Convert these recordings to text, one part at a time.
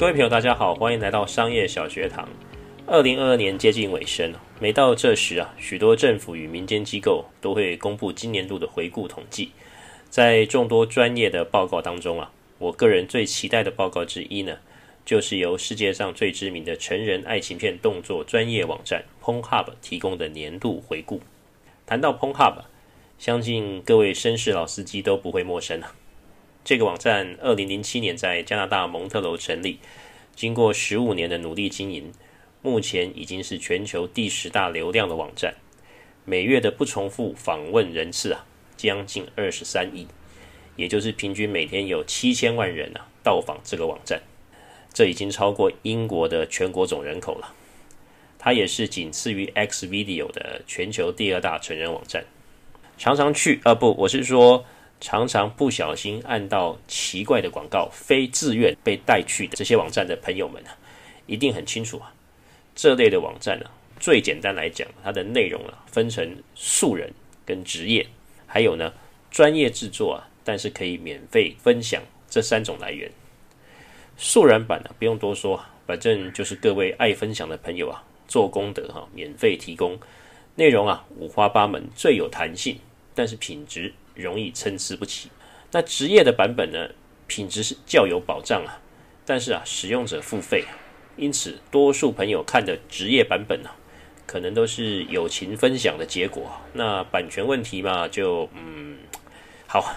各位朋友，大家好，歡迎來到商業小學堂。二零二二年接近尾聲，每到這時啊，許多政府與民間機構都會公布今年度的回顧統計。在眾多專業的報告當中啊，我個人最期待的報告之一呢，就是由世界上最知名的成人愛情片動作專業網站 Pornhub 提供的年度回顧。談到 Pornhub，相信各位紳士老司機都不會陌生了啊。這個網站二零零七年在加拿大蒙特婁成立，經過十五年的努力經營，目前已經是全球第十大流量的網站，每月的不重複訪問人次啊，將近二十三億，也就是平均每天有七千萬人啊到訪這個網站，這已經超過英國的全國總人口了。它也是僅次於 Xvideo 的全球第二大成人網站，常常去啊，不，我是說。常常不小心按到奇怪的廣告，非自願被帶去的這些網站的朋友們啊，一定很清楚啊。這類的網站呢、啊，最簡單來講，它的內容啊，分成素人跟職業，還有呢專業製作啊，但是可以免費分享這三種來源。素人版呢、啊，不用多說，反正就是各位愛分享的朋友啊，做功德哈、啊，免費提供內容啊，五花八門，最有彈性，但是品質。容易參差不齊，那職業的版本呢，品質是較有保障啊，但是啊，使用者付費，因此多數朋友看的職業版本呢、啊，可能都是友情分享的結果。那版權問題嘛，就嗯好。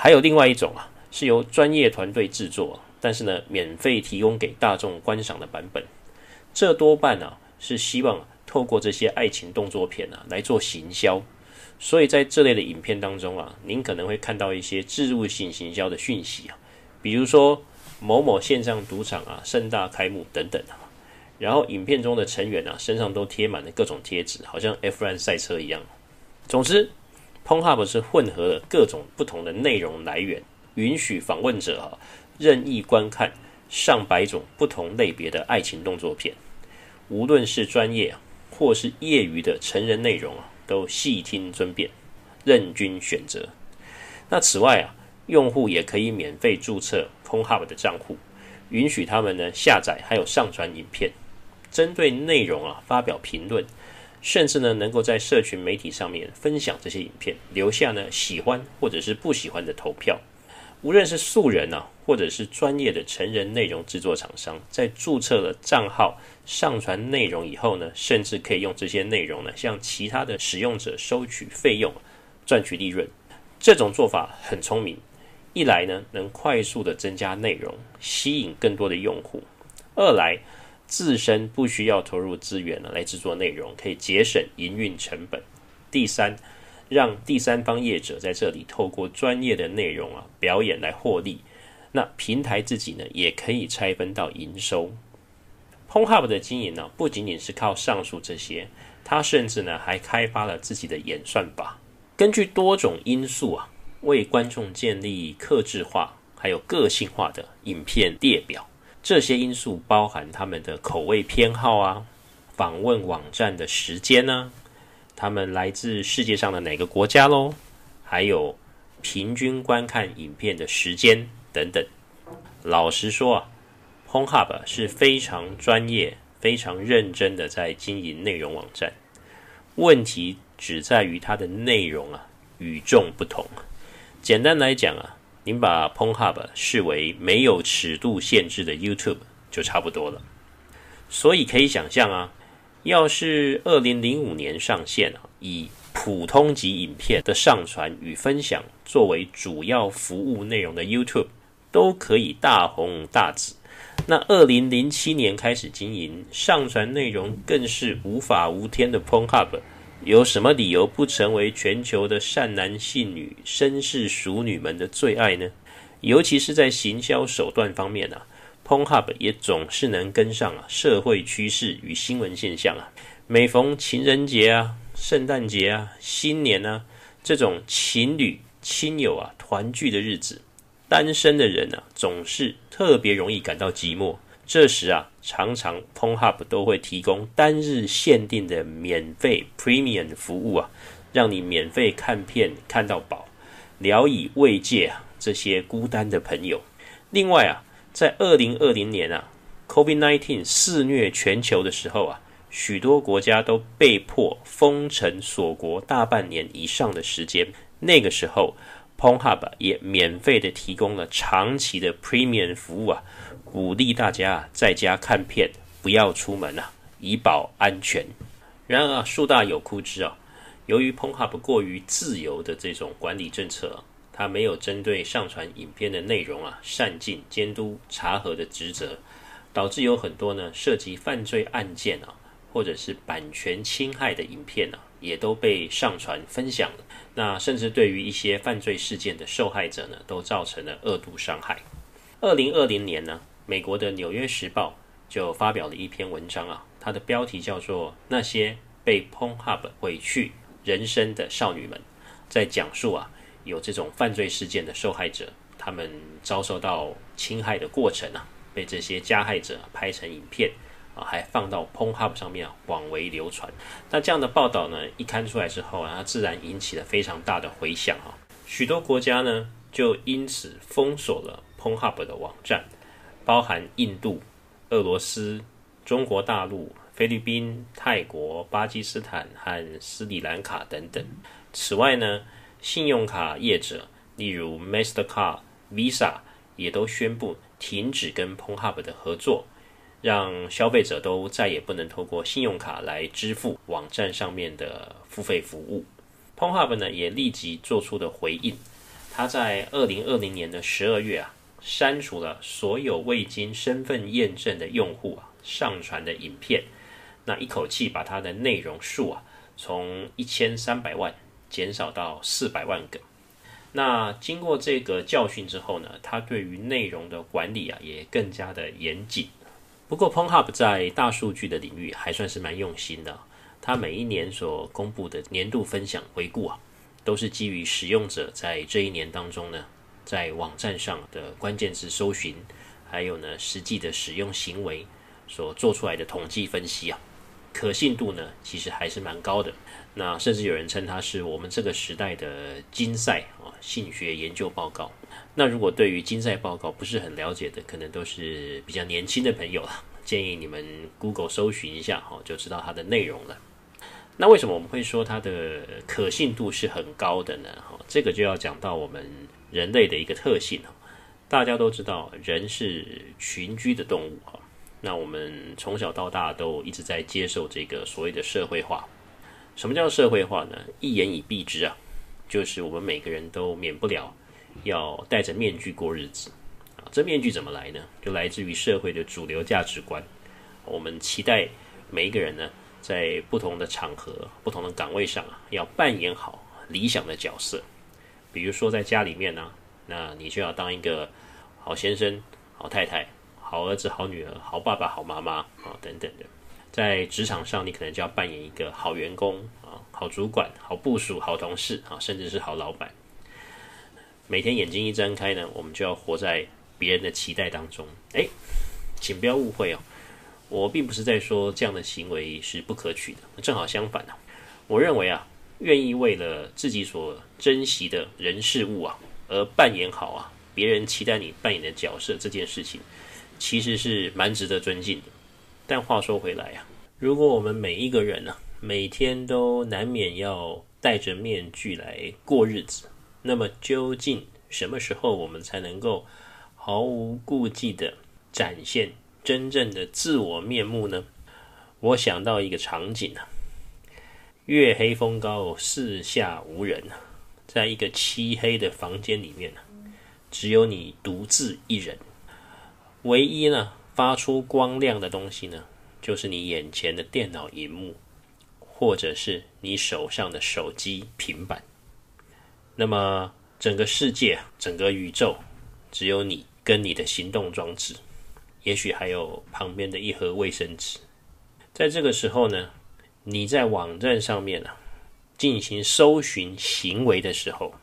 還有另外一種啊，是由專業團隊制作，但是呢，免費提供給大眾觀賞的版本，這多半啊是希望透過這些愛情動作片啊來做行銷。所以，在這類的影片當中啊，您可能會看到一些置入性行銷的訊息啊，比如說某某線上賭場啊，盛大開幕等等啊。然後，影片中的成員啊，身上都貼滿了各種貼紙，好像 F1 賽車一樣。總之，Pornhub 是混合了各種不同的內容來源，允許訪問者啊，任意觀看上百種不同類別的愛情動作片，無論是專業啊，或是業餘的成人內容啊。都悉聽尊便，任君選擇。那此外啊，用戶也可以免費注冊 Pornhub 的賬戶，允許他們呢下載還有上傳影片，針對內容啊發表評論，甚至呢能夠在社群媒體上面分享這些影片，留下呢喜歡或者是不喜歡的投票。無論是素人呢、啊，或者是專業的成人內容制作廠商，在註冊了賬號、上傳內容以後呢，甚至可以用這些內容呢，向其他的使用者收取費用，賺取利潤。這種做法很聰明，一來呢，能快速地增加內容，吸引更多的用戶；二來自身不需要投入資源呢，來制作內容，可以節省營運成本。第三，讓第三方業者在這裡透過專業的內容啊表演來獲利，那平台自己呢也可以拆分到營收。Pornhub 的經營呢、啊、不僅僅是靠上述這些，它甚至呢還開發了自己的演算法，根據多種因素啊為觀眾建立客製化還有個性化的影片列表。這些因素包含他們的口味偏好啊訪問網站的時間呢、啊。他們來自世界上的哪個國家嘍？還有平均觀看影片的時間等等。老實說啊，Pornhub 是非常專業、非常認真的在經營內容網站。問題只在於它的內容啊，與眾不同。簡單來講啊，您把 Pornhub 視為沒有尺度限制的 YouTube 就差不多了。所以可以想象啊。要是二零零五年上線啊，以普通級影片的上傳與分享作為主要服務內容的 YouTube，都可以大紅大紫。那二零零七年開始經營，上傳內容更是無法無天的 Pornhub，有什麼理由不成為全球的善男信女、紳士淑女們的最愛呢？尤其是在行銷手段方面啊，Pornhub 也總是能跟上啊社會趨勢與新聞現象啊。每逢情人節啊、聖誕節啊、新年啊，這種情侶、親友啊團聚的日子，單身的人啊總是特別容易感到寂寞。這時啊，常常 Pornhub 都會提供單日限定的免費 Premium 服務啊，讓你免費看片看到飽，聊以慰藉啊這些孤單的朋友。另外啊。在二零二零年啊，COVID-19 肆虐全球的時候啊，許多國家都被迫封城鎖國大半年以上的時間。那個時候，Pornhub 也免費的提供了長期的 Premium 服務啊，鼓勵大家在家看片，不要出門啊，以保安全。然而啊，樹大有枯枝啊，由於 Pornhub 過於自由的這種管理政策啊。他沒有針對上傳影片的內容啊，善盡監督查核的職責，導致有很多呢涉及犯罪案件啊，或者是版權侵害的影片呢、啊，也都被上傳分享了。那甚至對於一些犯罪事件的受害者呢，都造成了二度傷害。二零二零年呢，美國的《紐約時報》就發表了一篇文章啊，它的標題叫做《那些被 PornHub 毀去人生的少女們》，在講述啊。有這種犯罪事件的受害者，他們遭受到侵害的過程啊，被這些加害者拍成影片啊，還放到 Pornhub 上面啊，廣為流傳。那這樣的報道呢，一刊出來之後啊，它自然引起了非常大的回響啊。許多國家呢，就因此封鎖了 Pornhub 的網站，包含印度、俄羅斯、中國大陸、菲律賓、泰國、巴基斯坦和斯里蘭卡等等。此外呢，信用卡業者，例如 Mastercard、Visa，也都宣布停止跟 Pornhub 的合作，讓消費者都再也不能透過信用卡來支付網站上面的付費服務。Pornhub 呢也立即做出了回應，他在二零二零年的十二月啊，刪除了所有未經身份驗證的用戶啊上傳的影片，那一口氣把它的內容數啊從一千三百萬，減少到四百萬個。那經過這個教訓之後呢，它對於內容的管理啊，也更加的嚴謹。不過，Pornhub 在大數據的領域還算是蠻用心的。它每一年所公布的年度分享回顧啊，都是基於使用者在這一年當中呢，在網站上的關鍵詞搜尋，還有呢實際的使用行為所做出來的統計分析啊，可信度呢其實還是蠻高的。那甚至有人稱它是我們這個時代的金賽啊，性學研究報告。那如果對於金賽報告不是很了解的，可能都是比較年輕的朋友啊，建議你們 Google 搜尋一下哈，就知道它的內容了。那為什麼我們會說它的可信度是很高的呢？哈，這個就要講到我們人類的一個特性哦。大家都知道，人是群居的動物啊。那我們從小到大都一直在接受這個所謂的社會化。什麼叫社會化呢？一言以蔽之啊，就是我們每個人都免不了要戴着面具過日子啊。這面具怎麼來呢？就來自於社會的主流價值觀。我們期待每一個人呢，在不同的場合、不同的崗位上啊，要扮演好理想的角色。比如說在家裡面呢，啊，那你就要當一個好先生、好太太、好兒子、好女兒、好爸爸、好媽媽啊，等等的。在職場上，你可能就要扮演一個好員工啊、好主管、好部屬、好同事啊，甚至是好老板。每天眼睛一睜開呢，我們就要活在別人的期待當中。哎，請不要誤會哦，我並不是在說這樣的行為是不可取的，正好相反啊，我認為啊，願意為了自己所珍惜的人事物啊，而扮演好啊別人期待你扮演的角色這件事情，其實是蠻值得尊敬的。但話說回來啊，如果我們每一個人呢，啊，每天都難免要戴着面具來過日子，那麼究竟什麼時候我們才能夠毫無顧忌地展現真正的自我面目呢？我想到一個場景啊，月黑風高，四下無人，在一個漆黑的房間裡面，只有你獨自一人，唯一呢。發出光亮的東西呢，就是你眼前的電腦熒幕，或者是你手上的手機、平板。那麼整個世界、整個宇宙，只有你跟你的行動裝置，也許還有旁邊的一盒衛生紙。在這個時候呢，你在網站上面啊進行搜尋行為的時候，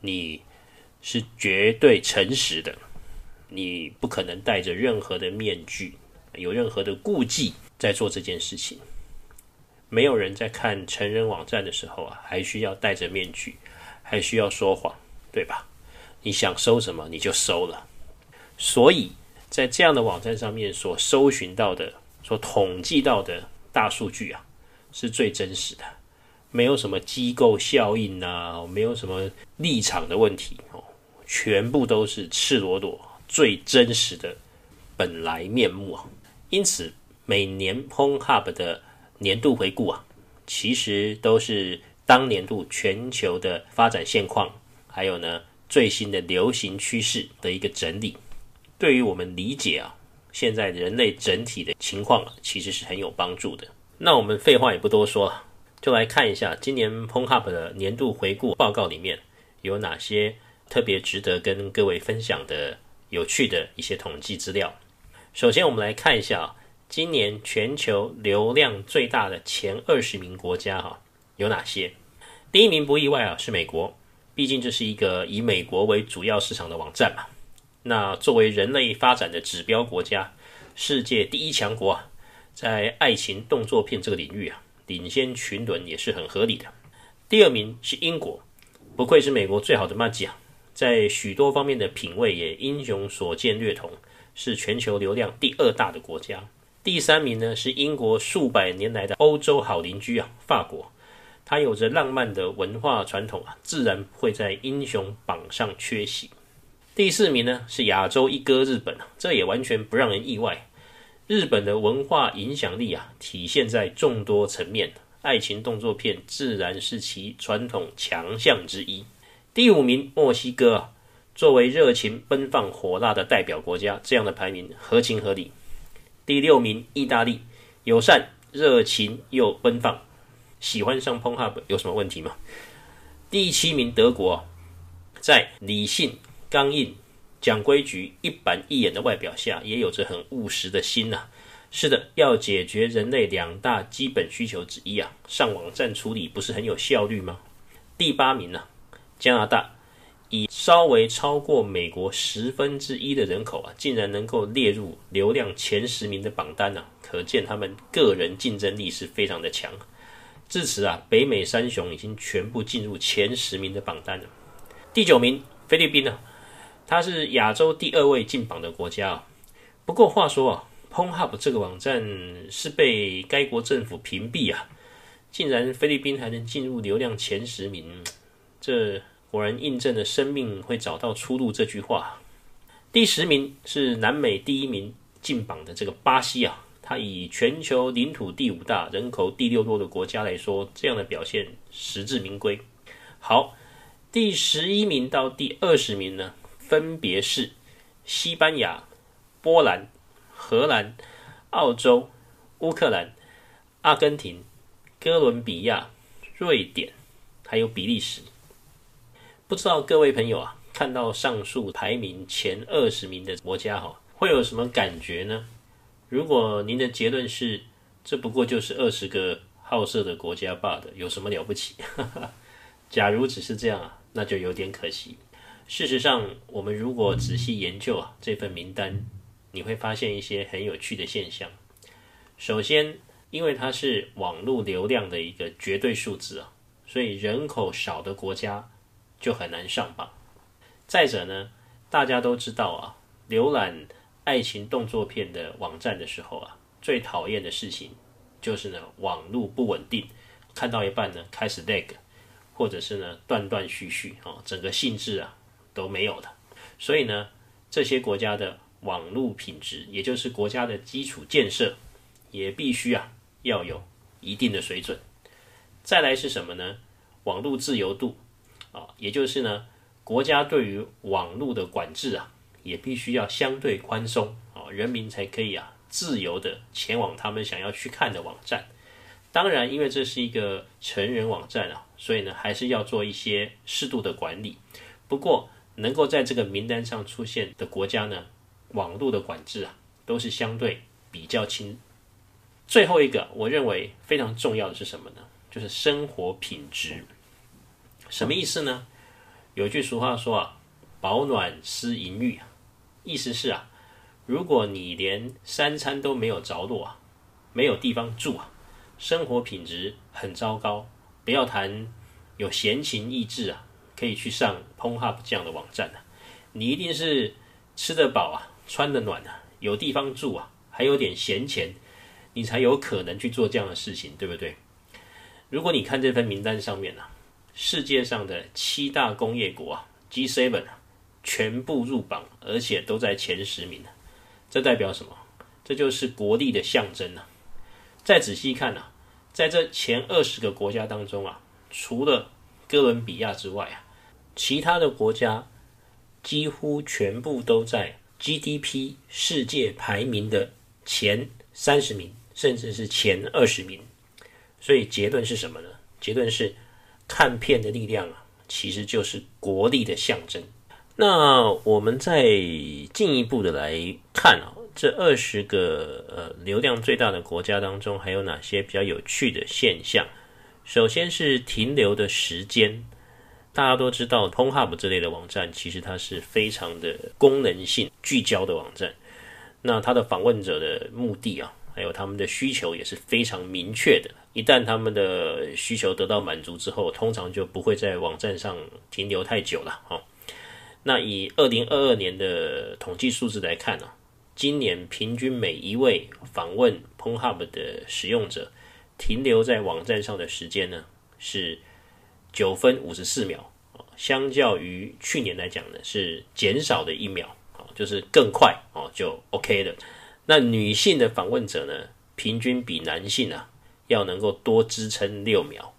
你是絕對誠實的。你不可能戴着任何的面具，有任何的顧忌在做這件事情。沒有人在看成人網站的時候啊，還需要戴着面具，還需要說謊，對吧？你想搜什麼，你就搜了。所以在這樣的網站上面所搜尋到的、所統計到的大數據啊，是最真實的，沒有什麼機構效應吶、啊，沒有什麼立場的問題，全部都是赤裸裸。最真實的本來面目啊！因此，每年 Pornhub 的年度回顧啊，其實都是當年度全球的發展現況，還有呢，最新的流行趨勢的一個整理，對於我們理解啊，現在人類整體的情況啊，其實是很有幫助的。那我們廢話也不多說，就來看一下今年 Pornhub 的年度回顧報告裡面有哪些特別值得跟各位分享的，有趣的一些統計資料。首先，我們來看一下、啊、今年全球流量最大的前二十名國家哈、啊、有哪些？第一名不意外啊，是美國，畢竟這是一個以美國為主要市場的網站嘛。那作為人類發展的指標國家，世界第一強國啊，在愛情動作片這個領域啊，領先群倫也是很合理的。第二名是英國，不愧是美國最好的麻吉。在許多方面的品味也英雄所見略同，是全球流量第二大的國家。第三名呢是英國數百年來的歐洲好鄰居啊，法國。它有着浪漫的文化傳統啊，自然會在英雄榜上缺席。第四名呢是亞洲一哥日本啊，這也完全不讓人意外。日本的文化影響力啊，體現在眾多層面，愛情動作片自然是其傳統強項之一。第五名，墨西哥啊，作為熱情奔放、火辣的代表國家，這樣的排名合情合理。第六名，意大利，友善、熱情又奔放，喜歡上 Pornhub，有什麼問題嗎？第七名，德國啊，在理性、剛硬、講規矩、一板一眼的外表下，也有着很務實的心吶啊。是的，要解決人類兩大基本需求之一啊，上網站處理不是很有效率嗎？第八名呢、啊？加拿大以稍微超過美國十分之一的人口啊，竟然能夠列入流量前十名的榜單呢、啊，可見他們個人競爭力是非常的強。至此啊，北美三雄已經全部進入前十名的榜單了。第九名，菲律賓呢、啊，它是亞洲第二位進榜的國家、啊。不過話說啊，Pornhub 這個網站是被該國政府屏蔽啊，竟然菲律賓還能進入流量前十名，這。果然印證了“生命會找到出路”這句話。第十名是南美第一名進榜的這個巴西啊，它以全球領土第五大、人口第六多的國家來說，這樣的表現實至名歸。好，第十一名到第二十名呢，分別是西班牙、波蘭、荷蘭、澳洲、烏克蘭、阿根廷、哥倫比亞、瑞典，還有比利時。不知道各位朋友啊，看到上述排名前二十名的國家哈，會有什麼感覺呢？如果您的結論是這不過就是二十個好色的國家罷了，有什麼了不起？哈哈。假如只是這樣啊，那就有點可惜。事實上，我們如果仔細研究啊這份名單，你會發現一些很有趣的現象。首先，因為它是網絡流量的一個絕對數字啊，所以人口少的國家。就很難上榜。再者呢，大家都知道啊，瀏覽愛情動作片的網站的時候啊，最討厭的事情就是呢，網絡不穩定，看到一半呢，開始 lag，或者是呢斷斷續續啊、哦，整個性質啊都沒有了。所以呢，這些國家的網絡品質，也就是國家的基礎建設，也必須啊要有一定的水準。再來是什麼呢？網絡自由度。啊，也就是呢，國家對於網絡的管制啊，也必須要相對寬鬆啊，人民才可以啊，自由地前往他們想要去看的網站。當然，因為這是一個成人網站啊，所以呢，還是要做一些適度的管理。不過，能夠在這個名單上出現的國家呢，網絡的管制啊，都是相對比較輕。最後一個，我認為非常重要的是什麼呢？就是生活品質。什麼意思呢？有一句俗話說啊，“飽暖思淫慾啊”，意思是啊，如果你連三餐都沒有着落啊，沒有地方住啊，生活品質很糟糕，不要談有閒情逸致啊，可以去上 Pornhub 這樣的網站啊。你一定是吃得飽啊，穿得暖啊，有地方住啊，還有點閒錢，你才有可能去做這樣的事情，對不對？如果你看這份名單上面啊。世界上的七大工業國啊，G7 啊，全部入榜，而且都在前十名，啊，這代表什麼？這就是國力的象徵吶，啊。再仔細看吶，啊，在這前二十個國家當中啊，除了哥倫比亞之外啊，其他的國家幾乎全部都在 GDP 世界排名的前三十名，甚至是前二十名。所以結論是什麼呢？結論是。看片的力量啊，其實就是國力的象徵。那我們再進一步的來看啊，這二十個呃流量最大的國家當中，還有哪些比較有趣的現象？首先是停留的時間。大家都知道，Pornhub 這類的網站，其實它是非常的功能性聚焦的網站。那它的訪問者的目的啊，還有他們的需求也是非常明確的，一旦他們的需求得到滿足之後，通常就不會在網站上停留太久了。好，那以二零二二年的統計數字來看呢，今年平均每一位訪問 Pornhub 的使用者停留在網站上的時間呢是九分五十四秒，相較於去年來講呢是減少了一秒，就是更快哦，就 OK 了。那女性的訪問者呢，平均比男性啊要能夠多支撐六秒。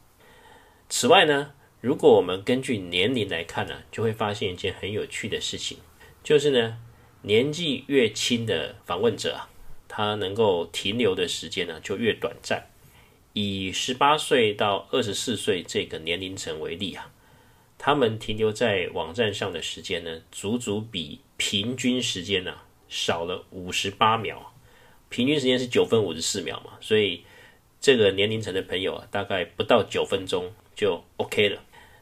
此外呢，如果我們根據年齡來看呢、啊，就會發現一件很有趣的事情，就是呢，年紀越輕的訪問者啊，他能夠停留的時間呢、啊、就越短暫。以十八歲到二十四歲這個年齡層為例啊，他們停留在網站上的時間呢，足足比平均時間呢、啊。少了五十八秒，平均時間是九分五十四秒嘛，所以這個年齡層的朋友啊，大概不到九分鐘就 OK 了。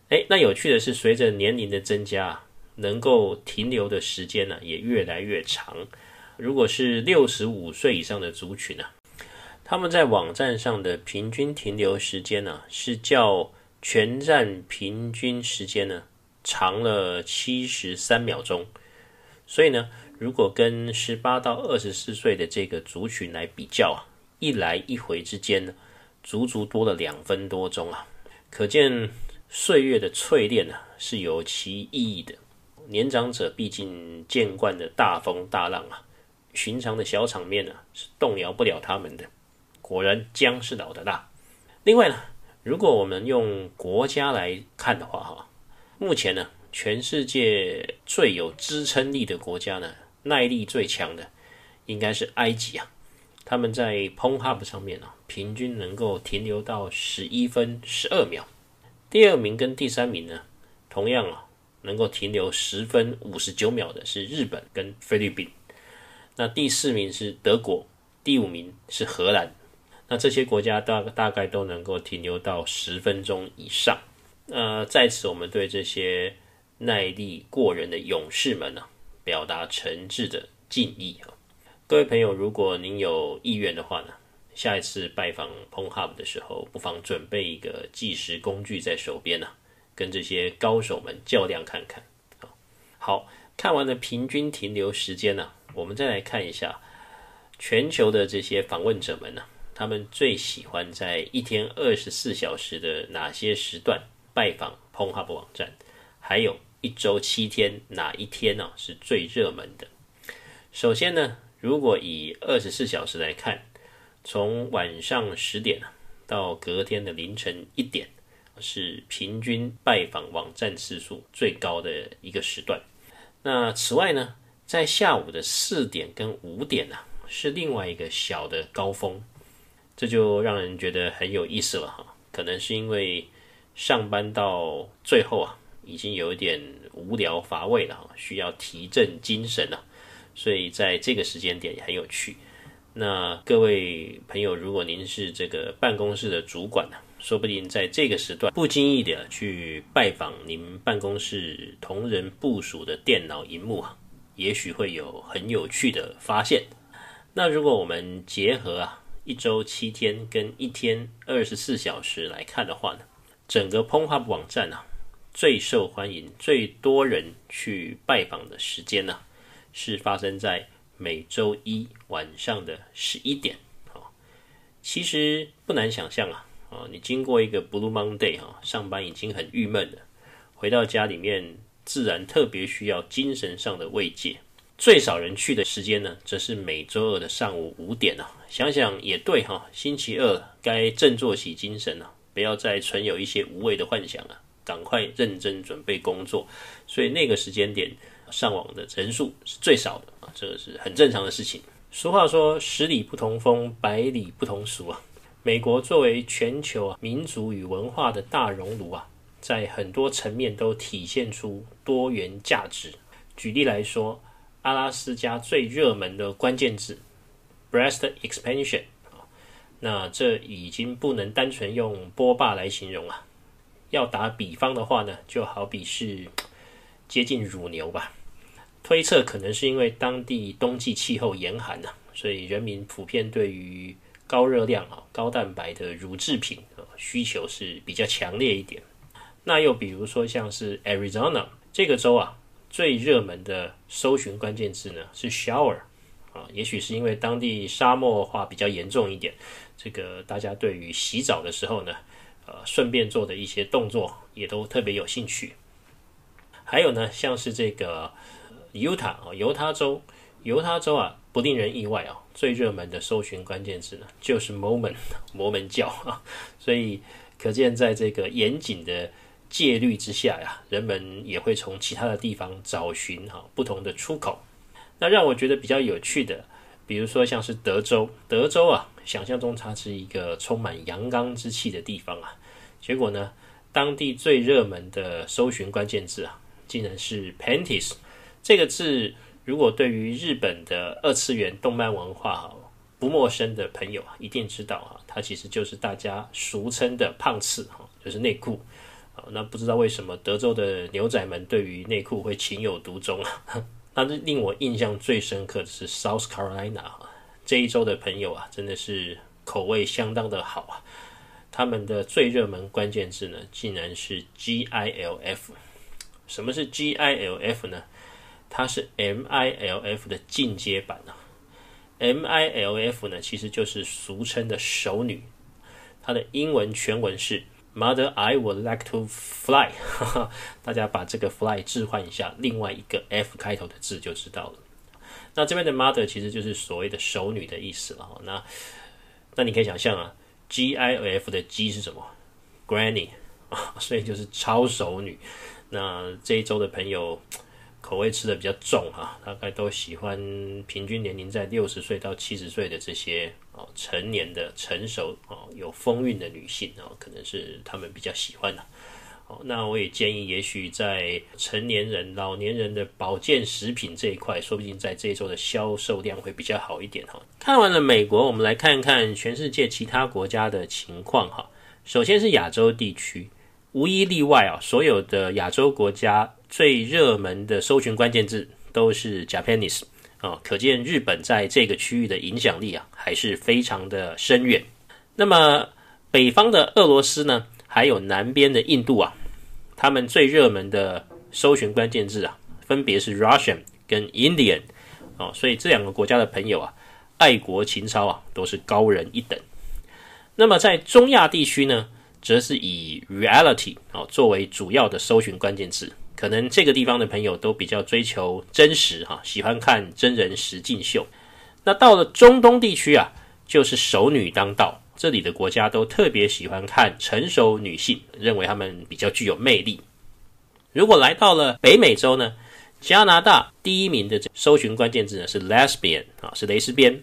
誒，那有趣的是，隨着年齡的增加，能夠停留的時間呢、啊、也越來越長。如果是六十五歲以上的族群呢、啊，他們在網站上的平均停留時間呢、啊，是較全站平均時間呢長了七十三秒鐘，所以呢。如果跟十八到二十四歲的這個族群來比較啊，一來一回之間呢，足足多了兩分多鐘啊，可見歲月的淬煉啊是有其意義的。年長者畢竟見慣的大風大浪啊，尋常的小場面啊，是動搖不了他們的。果然，薑是老的辣。另外呢，如果我們用國家來看的話哈，目前呢，全世界最有支撐力的國家呢。耐力最強的應該是埃及啊，他們在 Pornhub 上面啊，平均能夠停留到十一分十二秒。第二名跟第三名呢，同樣啊，能夠停留十分五十九秒的是日本跟菲律賓。那第四名是德國，第五名是荷蘭。那這些國家大大概都能夠停留到十分鐘以上。呃，在此我們對這些耐力過人的勇士們呢、啊。表達誠摯的敬意啊，各位朋友，如果您有意願的話呢，下一次拜訪 Pornhub 的時候，不妨準備一個計時工具在手邊呢、啊，跟這些高手們較量看看啊。好，好看完了平均停留時間呢、啊，我們再來看一下全球的這些訪問者們呢、啊，他們最喜歡在一天二十四小時的哪些時段拜訪 Pornhub 網站，還有，一周七天哪一天呢、啊、是最熱門的？首先呢，如果以二十四小時來看，從晚上十點到隔天的凌晨一點，是平均拜訪網站次數最高的一個時段。那此外呢，在下午的四點跟五點呢、啊，是另外一個小的高峰。這就讓人覺得很有意思了哈。可能是因為上班到最後啊。已經有一點無聊乏味了，需要提振精神了。所以在這個時間點也很有趣。那各位朋友，如果您是這個辦公室的主管呢，說不定在這個時段不經意的去拜訪您辦公室同仁部署的電腦熒幕啊，也許會有很有趣的發現。那如果我們結合啊一周七天跟一天二十四小時來看的話呢，整個 Pornhub 網站啊。最受歡迎、最多人去拜訪的時間呢、啊，是發生在每周一晚上的十一點。其實不難想象啊，你經過一個 Blue Monday 哈，上班已經很鬱悶了，回到家裡面自然特別需要精神上的慰藉。最少人去的時間呢，則是每周二的上午五點啊。想想也對哈、啊，星期二該振作起精神了、啊，不要再存有一些無謂的幻想了、啊。趕快認真準備工作，所以那個時間點上網的人數是最少的啊，這個是很正常的事情。俗話說十里不同風，百里不同俗啊。美國作為全球啊民族與文化的大熔爐啊，在很多層面都體現出多元價值。舉例來說，阿拉斯加最熱門的關鍵字 breast expansion 啊，那這已經不能單純用波霸來形容啊。要打比方的話呢，就好比是接近乳牛吧。推測可能是因為當地冬季氣候嚴寒呢啊，所以人民普遍對於高熱量啊、高蛋白的乳製品啊需求是比較強烈一點。那又比如說像是 Arizona 這個州啊，最熱門的搜尋關鍵字呢是 shower 啊，也許是因為當地沙漠化比較嚴重一點，這個大家對於洗澡的時候呢。呃，順便做的一些動作也都特別有興趣。還有呢，像是這個猶他啊，猶他州，猶他州啊，不令人意外啊，最熱門的搜尋關鍵字呢就是摩門，摩門教啊。所以可見，在這個嚴謹的戒律之下呀、啊，人們也會從其他的地方找尋哈、啊、不同的出口。那讓我覺得比較有趣的。比如說像是德州，德州啊，想象中它是一個充滿陽剛之氣的地方啊，結果呢，當地最熱門的搜尋關鍵字啊，竟然是 panties 這個字。如果對於日本的二次元動漫文化不陌生的朋友啊，一定知道啊，它其實就是大家俗稱的胖次哈，就是內褲。啊，那不知道為什麼德州的牛仔們對於內褲會情有獨鍾啊。但是令我印象最深刻的是 South Carolina 這一州的朋友啊，真的是口味相當的好啊！他們的最熱門關鍵字呢，竟然是 GILF。什麼是 GILF 呢？它是 MILF 的進階版啊。MILF 呢，其實就是俗稱的熟女，它的英文全文是。Mother, I would like to fly。哈哈，大家把這個 fly 置換一下，另外一個 F 開頭的字就知道了。那這邊的 mother 其實就是所謂的熟女的意思了。那那你可以想象啊，GIF 的 G 是什麼？Granny 啊， 所以就是超熟女。那這一周的朋友，口味吃得比較重啊，大概都喜歡平均年齡在六十歲到七十歲的這些哦成年的成熟哦有風韻的女性哦，可能是他們比較喜歡的啊。那我也建議，也許在成年人、老年人的保健食品這一塊，說不定在這一週的銷售量會比較好一點哈。看完了美國，我們來看一看全世界其他國家的情況哈。首先是亞洲地區，無一例外啊，所有的亞洲國家。最熱門的搜尋關鍵字都是 Japanese 啊、哦，可見日本在這個區域的影響力啊還是非常的深遠。那麼北方的俄羅斯呢，還有南邊的印度啊，他們最熱門的搜尋關鍵字啊分別是 Russian 跟 Indian 哦，所以這兩個國家的朋友啊，愛國情操啊都是高人一等。那麼在中亞地區呢，則是以 Reality 哦作為主要的搜尋關鍵字。可能這個地方的朋友都比較追求真實哈，喜歡看真人實境秀。那到了中東地區啊，就是熟女當道，這裡的國家都特別喜歡看成熟女性，認為她們比較具有魅力。如果來到了北美洲呢，加拿大第一名的搜尋關鍵字呢是 lesbian 啊，是蕾絲邊，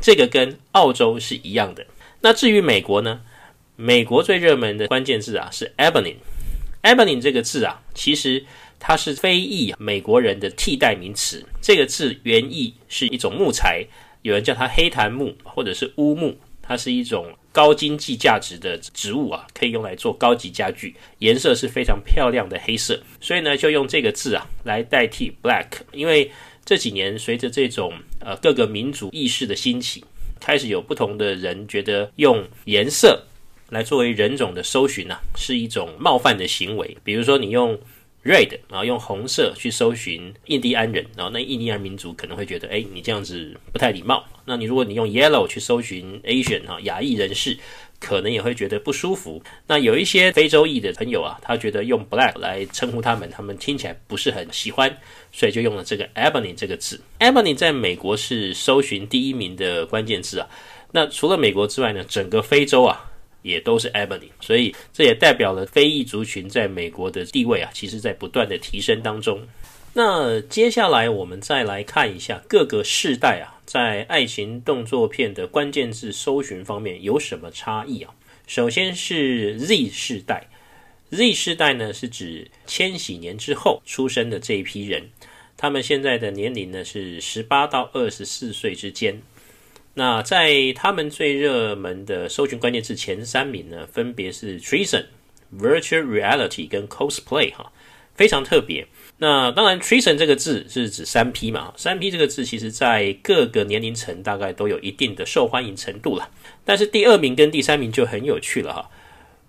這個跟澳洲是一樣的。那至於美國呢，美國最熱門的關鍵字啊是 abalone，abalone 這個字啊，其實。它是非裔美國人的替代名詞。這個字原意是一種木材，有人叫它黑檀木或者是烏木。它是一種高經濟價值的植物啊，可以用來做高級家具，顏色是非常漂亮的黑色。所以呢，就用這個字啊來代替 black。因為這幾年隨着這種呃各個民族意識的興起，開始有不同的人覺得用顏色來作為人種的搜尋啊，是一種冒犯的行為。比如說你用。Red 啊，用紅色去搜尋印第安人，然後那印第安民族可能會覺得，哎，你這樣子不太禮貌。那你如果你用 Yellow 去搜尋 Asian 啊，亞裔人士，可能也會覺得不舒服。那有一些非洲裔的朋友啊，他覺得用 Black 來稱呼他們，他們聽起來不是很喜歡，所以就用了這個 Ebony 這個字。Ebony 在美國是搜尋第一名的關鍵字啊。那除了美國之外呢，整個非洲啊。也都是 ebony 所以這也代表了非裔族群在美國的地位啊，其實在不斷的提升當中。那接下來我們再來看一下各個世代啊，在愛情動作片的關鍵字搜尋方面有什麼差異啊？首先是 Z 世代，Z 世代呢是指千禧年之後出生的這一批人，他們現在的年齡呢是十八到二十四歲之間。那在他們最熱門的搜尋關鍵字前三名呢，分別是 threesome、virtual reality 跟 cosplay 哈，非常特別。那當然 threesome 這個字是指三 P 嘛，三 P 這個字其實在各個年齡層大概都有一定的受歡迎程度了。但是第二名跟第三名就很有趣了哈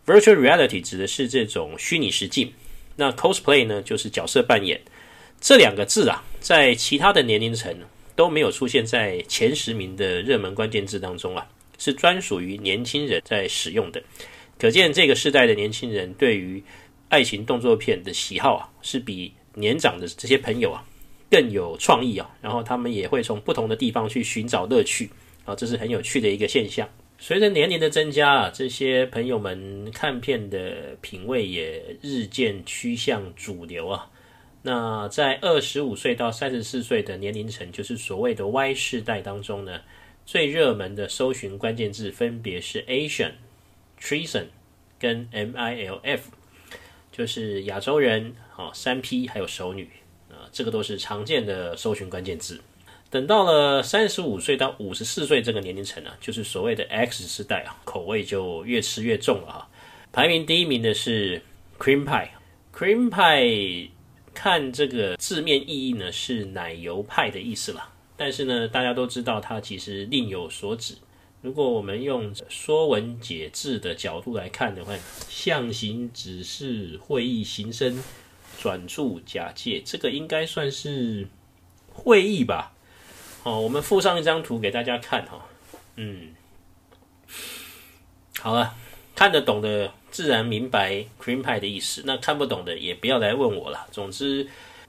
，virtual reality 指的是這種虛擬實境，那 cosplay 呢就是角色扮演，這兩個字啊，在其他的年齡層，都沒有出現在前十名的熱門關鍵字當中啊，是專屬於年輕人在使用的。可見這個時代的年輕人對於愛情動作片的喜好啊，是比年長的這些朋友啊更有創意啊。然後他們也會從不同的地方去尋找樂趣啊，這是很有趣的一個現象。隨着年齡的增加啊，這些朋友們看片的品味也日漸趨向主流啊。那在二十五歲到三十四歲的年齡層，就是所謂的 Y 世代當中呢，最熱門的搜尋關鍵字分別是 Asian、Treason 跟 MILF，就是亞洲人、三 P 還有熟女啊，這個都是常見的搜尋關鍵字。等到了三十五歲到五十四歲這個年齡層呢，就是所謂的 X 世代啊，口味就越吃越重了哈。排名第一名的是 Cream Pie，Cream Pie。Cream Pie 看這個字面意義呢，是奶油派的意思啦。但是呢，大家都知道它其實另有所指。如果我們用說文解字的角度來看的話，象形、指事、會意、形聲、轉注、假借，這個應該算是會意吧？好，我們附上一張圖給大家看哈。嗯，好了。看得懂的自然明白 cream 派的意思，那看不懂的也不要來問我啦。總之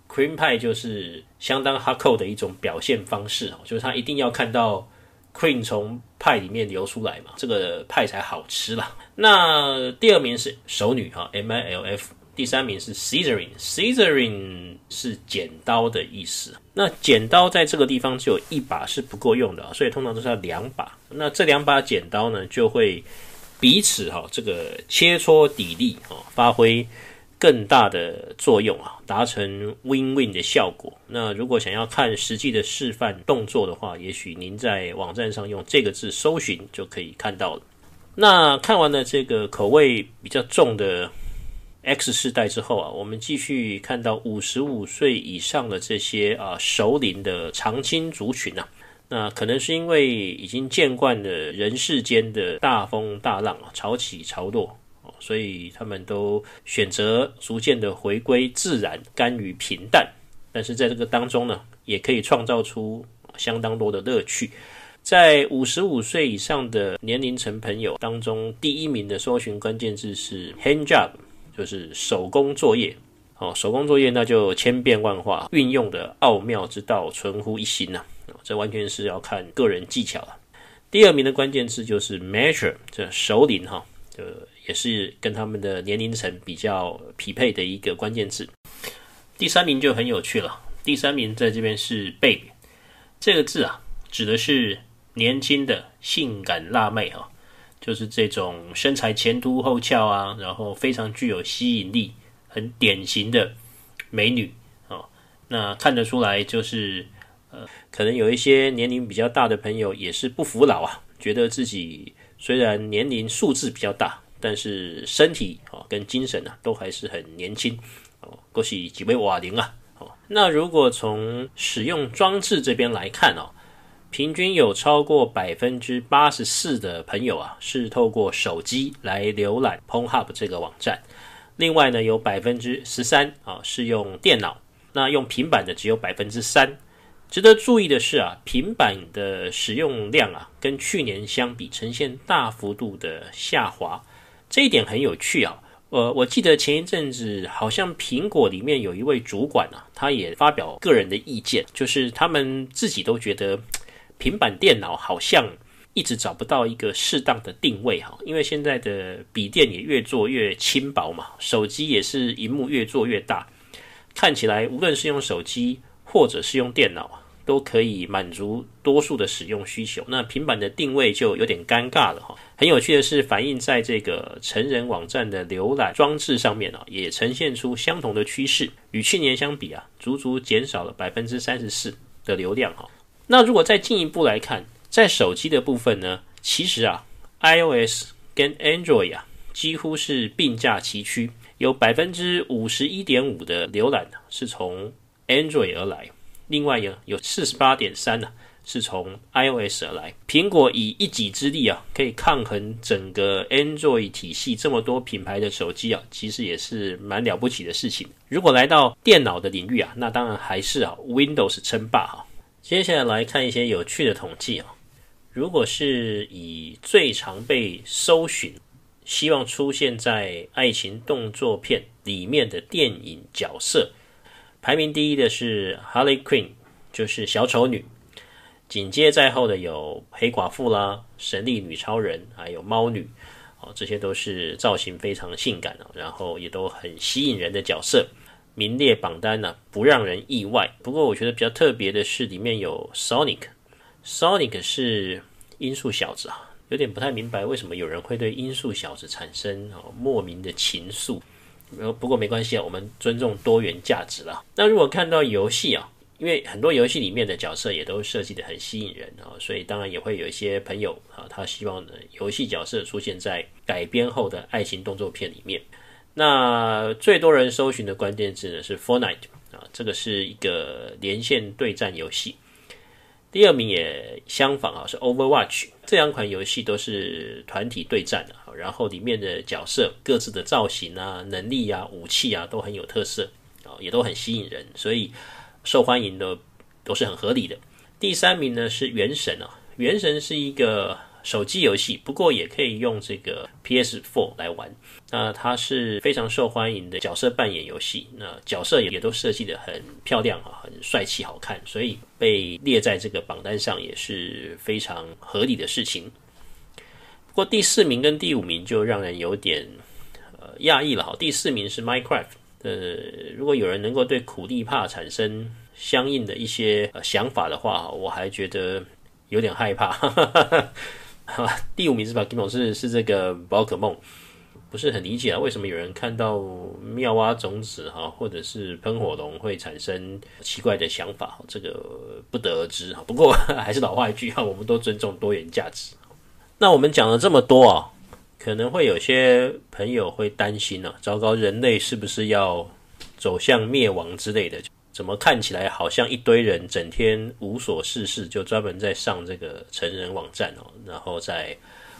cream 派就是相當哈扣的一種表現方式，就是他一定要看到 cream 從派裡面流出來嘛，這個派才好吃啦。那第二名是熟女哈 MILF，第三名是 scissoring，scissoring 是剪刀的意思。那剪刀在這個地方只有一把是不夠用的，所以通常都是要兩把。那這兩把剪刀呢，就會。彼此哈、啊，這個切磋砥礪啊，發揮更大的作用啊，達成 win-win win 的效果。那如果想要看實際的示範動作的話，也許您在網站上用這個字搜尋就可以看到了。那看完了這個口味比較重的 X 世代之後啊，我們繼續看到五十五歲以上的這些啊熟齡的長青族群啊。那可能是因為已經見慣了人世間的大風大浪，潮起潮落哦，所以他們都選擇逐漸的回歸自然，甘於平淡。但是在這個當中呢，也可以創造出相當多的樂趣。在五十五歲以上的年齡層朋友當中，第一名的搜尋關鍵字是 hand job，就是手工作業哦。手工作業那就千變萬化，運用的奧妙之道，存乎一心吶，啊。完全是要看個人技巧了。第二名的關鍵字就是 mature，這熟齡哈，呃，也是跟他們的年齡層比較匹配的一個關鍵字。第三名就很有趣了，第三名在這邊是 babe 這個字啊，指的是年輕的性感辣妹啊，就是這種身材前凸後翹啊，然後非常具有吸引力，很典型的美女啊、哦。那看得出來就是。呃，可能有一些年齡比較大的朋友也是不服老啊，覺得自己雖然年齡數字比較大，但是身體啊跟精神呢、啊、都還是很年輕。恭喜幾位瓦林啊。那如果從使用裝置這邊來看哦、啊，平均有超過百分之八十四的朋友啊是透過手機來瀏覽 Pornhub 這個網站，另外呢有百分之十三啊是用電腦，那用平板的只有百分之三。值得注意的是啊，平板的使用量啊，跟去年相比呈現大幅度的下滑，這一點很有趣啊。呃，我記得前一陣子好像蘋果裡面有一位主管啊，他也發表個人的意見，就是他們自己都覺得平板電腦好像一直找不到一個適當的定位哈、啊，因為現在的筆電也越做越輕薄嘛，手機也是螢幕越做越大，看起來無論是用手機或者是用電腦啊。都可以滿足多數的使用需求。那平板的定位就有點尷尬了哈。很有趣的是，反映在這個成人網站的瀏覽裝置上面啊，也呈現出相同的趨勢。與去年相比啊，足足減少了百分之三十四的流量哈。那如果再進一步來看，在手機的部分呢，其實啊，iOS 跟 Android 啊，幾乎是並駕齊驅，有百分之五十一點五的瀏覽是從 Android 而來。另外有有四十八點三呢，是從 iOS 而來。蘋果以一己之力啊，可以抗衡整個 Android 體系這麼多品牌的手機啊，其實也是蠻了不起的事情。如果來到電腦的領域啊，那當然還是啊 Windows 稱霸哈啊。接下來來看一些有趣的統計啊，如果是以最常被搜尋，希望出現在愛情動作片裡面的電影角色。排名第一的是 Harley Quinn，就是小丑女。緊接在後的有黑寡婦啦、神力女超人，還有貓女。哦，這些都是造型非常性感哦，然後也都很吸引人的角色，名列榜單呢、啊、不讓人意外。不過我覺得比較特別的是裡面有 Sonic，Sonic 是音速小子啊，有點不太明白為什麼有人會對音速小子產生、哦、莫名的情愫。不過沒關係啊，我們尊重多元價值啦。那如果看到遊戲啊，因為很多遊戲裡面的角色也都設計的很吸引人啊，所以當然也會有一些朋友啊，他希望呢遊戲角色出現在改編後的愛情動作片裡面。那最多人搜尋的關鍵字呢是 Fortnite 啊，這個是一個連線對戰遊戲。第二名也相仿啊，是 Overwatch 這兩款遊戲都是團體對戰的啊，然後裡面的角色各自的造型啊、能力啊、武器啊都很有特色啊，也都很吸引人，所以受歡迎的都是很合理的。第三名呢是原神、啊《原神》啊，《原神》是一個。手機遊戲，不過也可以用這個 PS4 來玩。那它是非常受歡迎的角色扮演遊戲，那角色也也都設計得很漂亮啊，很帥氣好看，所以被列在這個榜單上也是非常合理的事情。不過第四名跟第五名就讓人有點呃訝異了哈。第四名是 Minecraft，呃，如果有人能夠對苦力怕產生相應的一些，呃，想法的話，我還覺得有點害怕。 哈， 第五名是吧？金勇士是這個寶可夢，不是很理解啊，為什麼有人看到妙蛙種子哈，或者是噴火龍會產生奇怪的想法？這個不得而知啊，不過還是老話一句啊，我們都尊重多元價值。那我們講了這麼多啊，可能會有些朋友會擔心啊，糟糕，人類是不是要走向滅亡之類的？怎麼看起來好像一堆人整天無所事事，就專門在上這個成人網站哦，然後在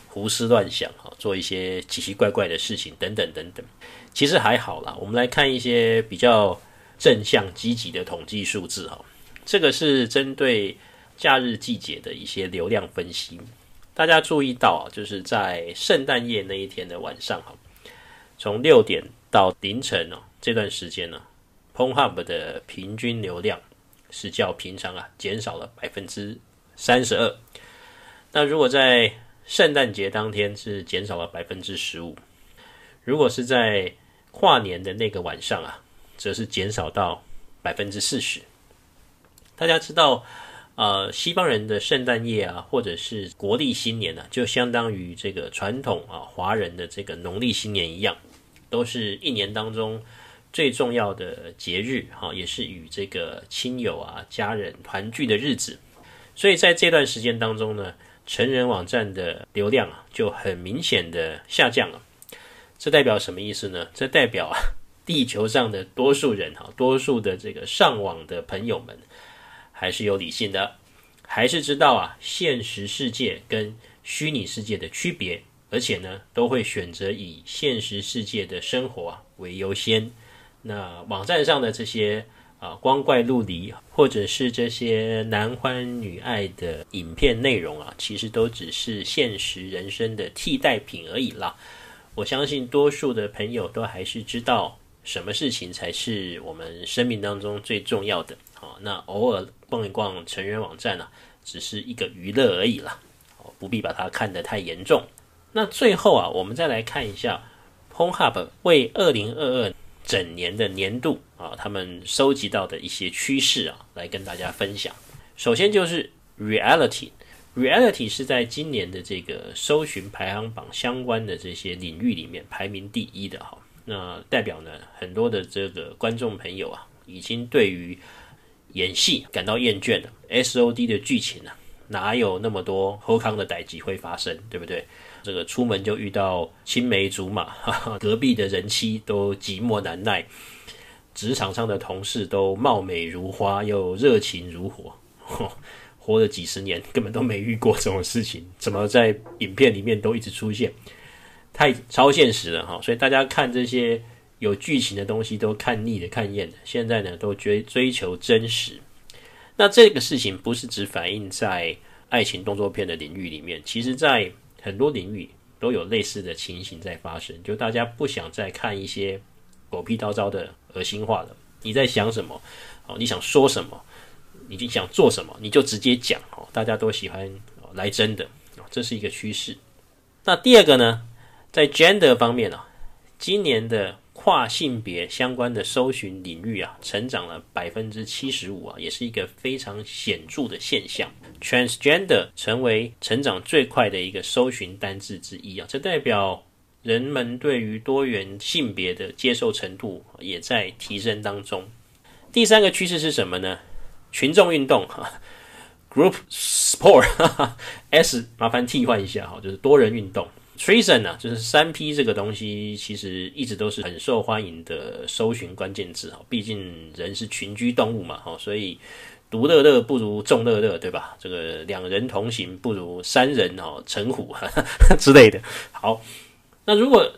胡思亂想啊，做一些奇奇怪怪的事情等等等等。其實還好啦，我們來看一些比較正向積極的統計數字哈。這個是針對假日季節的一些流量分析。大家注意到啊，就是在聖誕夜那一天的晚上哈，從六點到凌晨哦，這段時間呢。p o n h a 的平均流量是較平常啊減少了百分之三十二。那如果在聖誕節當天是減少了百分之十五。如果是在跨年的那個晚上啊，則是減少到百分之四十。大家知道，呃，西方人的聖誕夜啊，或者是國曆新年呢、啊，就相當於這個傳統啊華人的這個農曆新年一樣，都是一年當中。最重要的節日，哈，也是與這個親友啊、家人團聚的日子，所以在這段時間當中呢，成人網站的流量啊就很明顯的下降了。這代表什麼意思呢？這代表啊，地球上的多數人哈，多數的這個上網的朋友們還是有理性的，還是知道啊現實世界跟虛擬世界的區別，而且呢，都會選擇以現實世界的生活啊為優先。那網站上的這些啊光怪陸離，或者是這些男歡女愛的影片內容啊，其實都只是現實人生的替代品而已啦。我相信多數的朋友都還是知道什麼事情才是我們生命當中最重要的。好，那偶爾逛一逛成人網站啊，只是一個娛樂而已啦，不必把它看得太嚴重。那最後啊，我們再來看一下 Pornhub 為二零二二。整年的年度啊，他們收集到的一些趨勢啊，來跟大家分享。首先就是 Reality，Reality re 是在今年的這個搜尋排行榜相關的這些領域裡面排名第一的哈。那代表呢，很多的這個觀眾朋友啊，已經對於演戲感到厭倦了，SOD 的劇情呢、啊。哪有那麼多好康的代誌會發生，對不對？這個出門就遇到青梅竹馬，隔壁的人妻都寂寞難耐，職場上的同事都貌美如花又熱情如火，活了幾十年根本都沒遇過這種事情，怎麼在影片裡面都一直出現？太超現實了哈！所以大家看這些有劇情的東西都看膩了、看厭了，現在呢，都追，追求真實。那這個事情不是只反映在愛情動作片的領域裡面，其實在很多領域都有類似的情形在發生。就大家不想再看一些狗屁叨叨的惡心話了。你在想什麼？哦，你想說什麼？你想做什麼？你就直接講哦。大家都喜歡來真的哦，這是一個趨勢。那第二個呢，在 gender 方面啊，今年的。跨性別相關的搜尋領域啊，成長了百分之七十五啊，也是一個非常顯著的現象。Transgender 成為成長最快的一個搜尋單字之一啊，這代表人們對於多元性別的接受程度也在提升當中。第三個趨勢是什麼呢？群眾運動哈，Group Sport 呵呵 S 麻煩替換一下哈，就是多人運動。Threesome 呢，就是三 P 這個東西，其實一直都是很受歡迎的搜尋關鍵字哈。畢竟人是群居動物嘛哈，所以獨樂樂不如眾樂樂，對吧？這個兩人同行不如三人哦成虎 之類的。好，那如果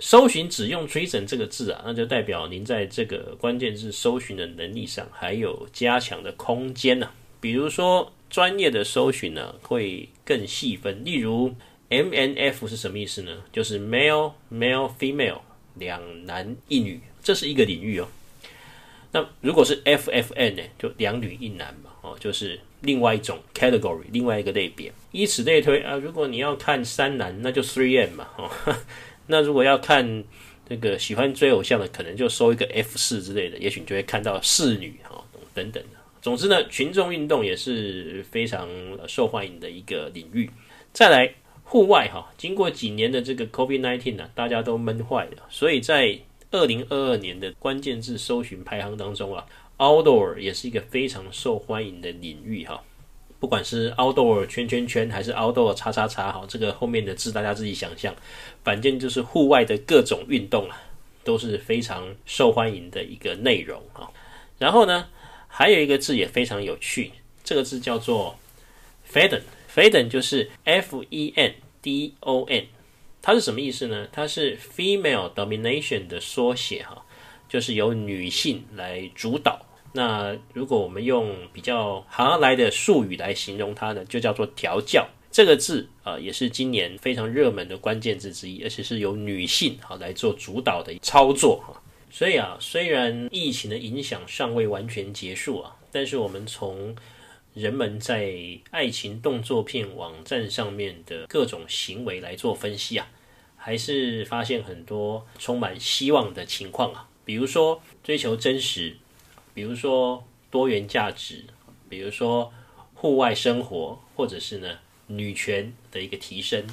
搜尋只用 Threesome 這個字啊，那就代表您在這個關鍵字搜尋的能力上還有加強的空間呢、啊。比如說專業的搜尋呢、啊，會更細分，例如。M N F 是什麼意思呢？就是 male male female 兩男一女，這是一個領域哦。那如果是 F F N 呢，就兩女一男嘛，哦，就是另外一種 category，另外一個類別。以此類推啊，如果你要看三男，那就 three M 嘛，哦。 那如果要看這個喜歡追偶像的，可能就搜一個 F4 之類的，也許你就會看到四女哦等等，總之呢，群眾運動也是非常受歡迎的一個領域。再來。戶外哈，經過幾年的這個 COVID-19 呢，19, 大家都悶壞了，所以在二零二二年的關鍵字搜尋排行當中啊，outdoor 也是一個非常受歡迎的領域哈。不管是 outdoor 圈圈圈，還是 outdoor 叉叉叉，好，這個後面的字大家自己想象，反正就是戶外的各種運動啊，都是非常受歡迎的一個內容啊。然後呢，還有一個字也非常有趣，這個字叫做 faden。f e n 就是 F E N D O N，它是什麼意思呢？它是 female domination 的縮寫哈，就是由女性來主導。那如果我們用比較行來的術語來形容它呢，就叫做調教。這個字啊，也是今年非常熱門的關鍵字之一，而且是由女性啊來做主導的操作哈。所以啊，雖然疫情的影響尚未完全結束啊，但是我們從人們在愛情動作片網站上面的各種行為來做分析啊，還是發現很多充滿希望的情況啊，比如說追求真實，比如說多元價值，比如說戶外生活，或者是呢女權的一個提升，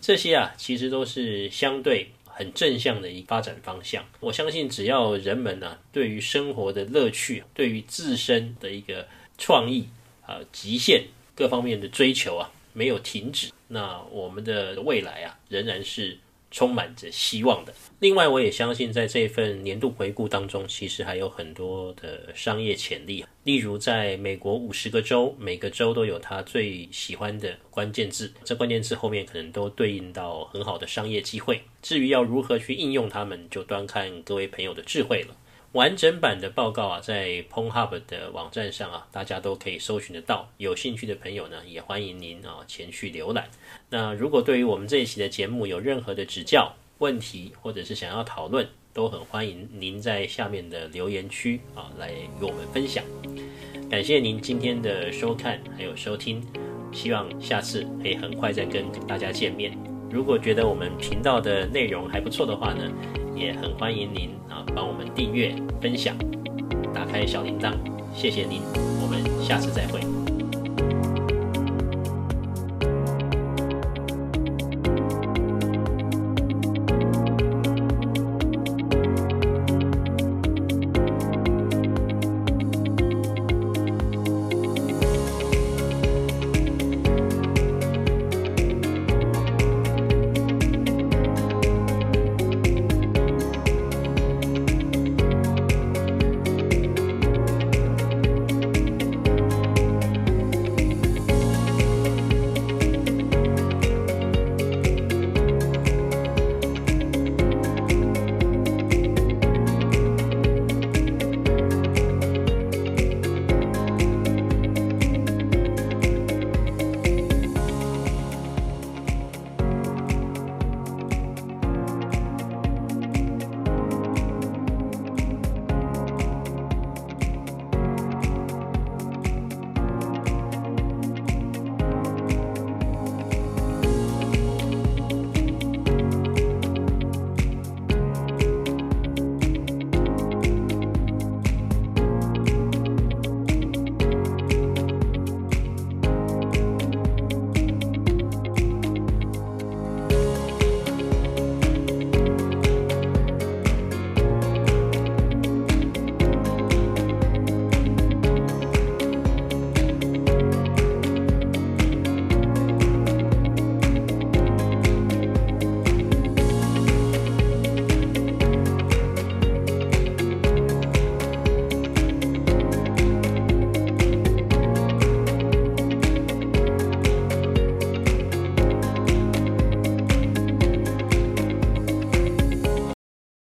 這些啊其實都是相對很正向的一個發展方向。我相信，只要人們呢、啊、對於生活的樂趣，對於自身的一個創意，呃，極限各方面的追求啊，沒有停止。那我們的未來啊，仍然是充滿着希望的。另外，我也相信在這份年度回顧當中，其實還有很多的商業潛力。例如，在美國五十個州，每個州都有他最喜歡的關鍵字，這關鍵字後面可能都對應到很好的商業機會。至於要如何去應用它們，就端看各位朋友的智慧了。完整版的報告啊，在 Pornhub 的網站上啊，大家都可以搜尋得到。有興趣的朋友呢，也歡迎您啊前去瀏覽。那如果對於我們這一期的節目有任何的指教、問題，或者是想要討論，都很歡迎您在下面的留言區啊來與我們分享。感謝您今天的收看還有收聽，希望下次可以很快再跟大家見面。如果覺得我們頻道的內容還不錯的話呢，也很歡迎您啊，幫我們訂閱、分享、打開小鈴鐺，謝謝您，我們下次再會。